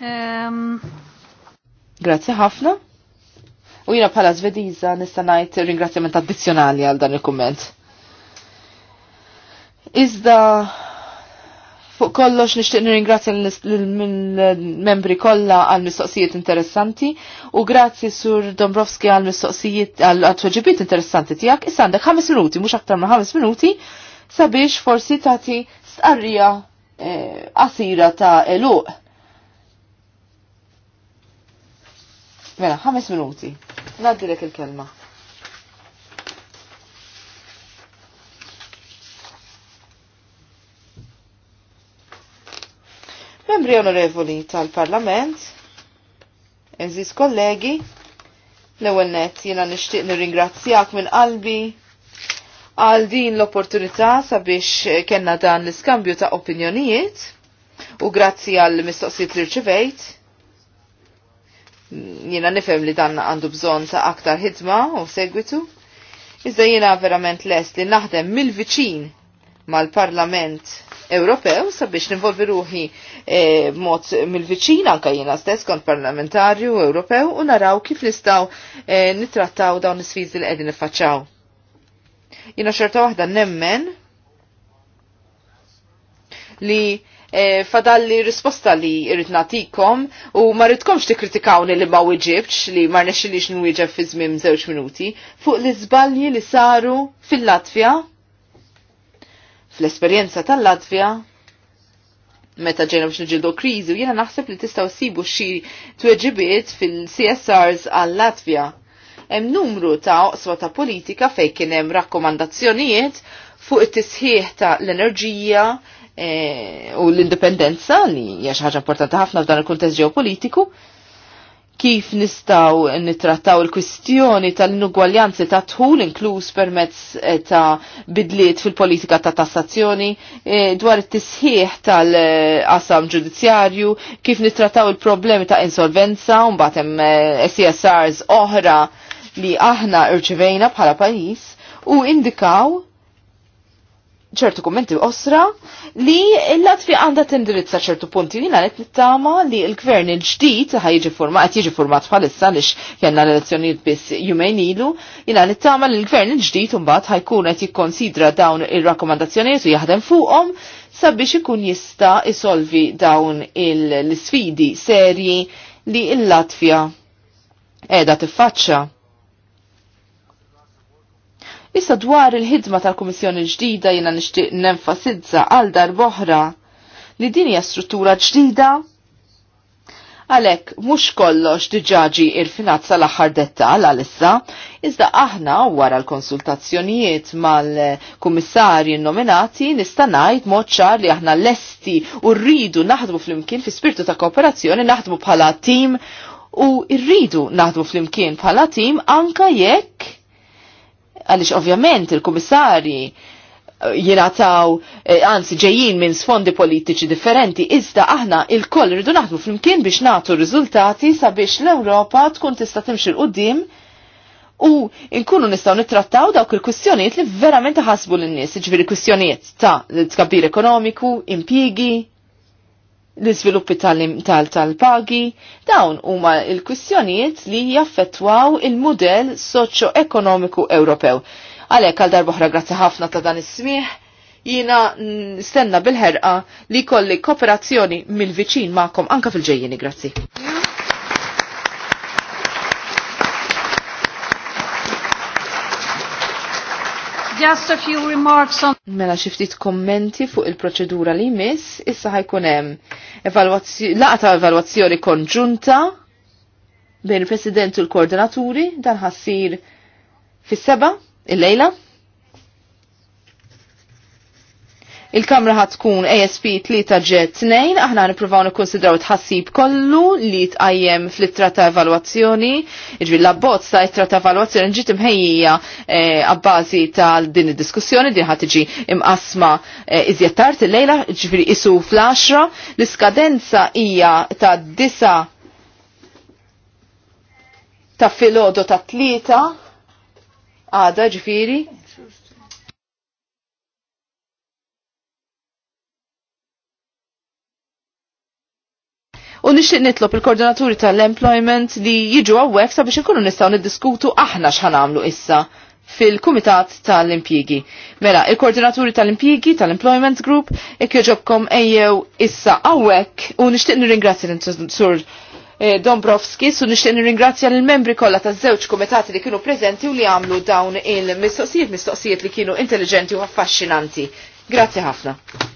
Um... Grazie ħafna. U jina bħala Zvediza nista' ngħid ringrazzjament addizzjonali għal dan il-kumment. Iżda fuq kollox nixtieq nirringrazzja lill-membri kollha għal mistoqsijiet interessanti u grazzi sur Dombrovski għal mistoqsijiet għal tweġibiet interessanti tiegħek. Issa għandek ħames minuti mhux aktar ma' ħames minuti sabiex forsi tagħti stqarrija eh, qasira ta' eluq Mela, ħames minuti. Naddilek il-kelma. Membri onorevoli tal-Parlament, eżis kollegi, l-ewel net jena nishtiq nirringrazzjak minn qalbi għal din l-opportunità sabiex kenna dan l-iskambju ta' opinjonijiet u grazzi għal mistoqsijiet li rċivejt Jiena nifhem li dan għandu bżonn ta' aktar hidma u segwitu. Iżda jiena verament lest li naħdem mill-viċin mal-Parlament Ewropew sabiex nivolvi ruħi e, mod mill-viċin anka jiena stess kont parlamentarju Ewropew u naraw kif nistgħu e, eh, nittrattaw dawn is-sfidi li qegħdin niffaċċaw. Jiena xorta waħda nemmen li Eh, fadalli risposta li irrit natikom u ma rridkomx tikkritikawni li ma wieġibx li ma rnexxilix wieġeb fi żmien żewġ minuti fuq l-iżbalji li saru fil-Latvja fl-esperjenza tal-Latvja meta ġejna biex niġildu kriżi u jiena naħseb li tistgħu sibu xi tweġibiet fil-CSRs għall-Latvja hemm numru ta' oqswa ta' politika fejn kien hemm rakkomandazzjonijiet fuq it-tisħiħ ta' l-enerġija, E, u l-indipendenza li hija xi ħaġa importanti ħafna f'dan il-kuntest ġeopolitiku, kif nistaw nittrattaw il-kwistjoni tal-inugwaljanzi ta' tħul inkluż permezz e, ta' bidliet fil-politika ta' tassazzjoni e, dwar it-tisħiħ tal-qasam ġudizzjarju, kif nittrattaw il-problemi ta' insolvenza, mbagħad hemm SCSRs oħra li aħna irċivejna bħala pajjiż u indikaw ċertu kommenti osra li l-Latvija għandha tindirizza ċertu punti li għalet nittama li l-gvern il-ġdid ħajġi format, jiġi format bħalissa lix jenna l-elezzjoniet biss jumejn ilu, jina nittama li l-gvern il-ġdid mbagħad ħajkun qed jikkonsidra dawn ir-rakkomandazzjonijiet u jaħdem fuqhom sabiex ikun jista' isolvi dawn l-sfidi serji li l-Latvija qiegħda tiffaċċa. Issa dwar il-ħidma tal-Kummissjoni ġdida jiena nixtieq nenfasizza għal dar boħra li din hija struttura ġdida Għalek, mux kollox diġaġi irfinat l axar dettal għal-issa, iżda aħna wara l-konsultazzjonijiet mal-kummissarji nominati nistanajt moċċar li aħna lesti u rridu naħdmu fl-imkien fi spirtu ta' kooperazzjoni naħdmu bħala tim u rridu naħdmu fl-imkien bħala tim anka jekk għalix ovvjament il-komissari eh, jirataw, eh, anzi ġejjin minn sfondi politiċi differenti, iżda aħna il-koll rridu naħdmu flimkien biex nagħtu riżultati sabiex l-Ewropa tkun tista' timxi l qudiem u nkunu nistgħu nittrattaw dawk il-kwistjonijiet li verament ħasbu lin-nies, ġviri kwistjonijiet ta' tkabbir ekonomiku, impjigi, l-izviluppi tal-pagi, dawn huma il-kwistjonijiet li jaffettwaw il-modell soċjo-ekonomiku Ewropew. Għalhekk għal darboħra grazzi ħafna ta' dan is-smieħ, jina stenna bil-ħerqa li kolli kooperazzjoni mill-viċin ma'kom anka fil-ġejjeni, grazzi. Just a few remarks on... Mela xiftit kommenti fuq il-proċedura li miss, issa ħajkun hemm laqta evalwazzjoni konġunta bejn il-President u l-Koordinaturi dan ħassir fis-seba' il-lejla. Il-kamra ħat tkun ASP 3J2, aħna nipruvaw nikkonsidraw tħassib kollu li tqajjem fl-ittra ta' evalwazzjoni, iġbi l-abbozz ta' ittra ta' evalwazzjoni ġiet imħejjija eh, għabbażi ta' din id-diskussjoni din ħat tiġi imqasma eh, iżjed tard il-lejla, ġifieri isu fl-10, l-iskadenza hija ta' disa ta' filodo ta' tlieta għada ġifiri nixtieq nitlob il-koordinaturi tal-employment li jiġu għawek sabiex inkunu nistgħu niddiskutu aħna x'ħanamlu issa fil-Kumitat tal-Impjigi. Mela, il-Koordinaturi tal-Impjigi tal-Employment Group ikkjoġobkom ejjew issa għawek u nixtieq nirringrazzja l-Sur eh, Dombrovski su nixtieq nirringrazzja l-membri kollha taż-żewġ kumitati li kienu preżenti u li għamlu dawn il-mistoqsijiet mistoqsijiet li kienu intelligenti u affaxxinanti. Grazzi ħafna.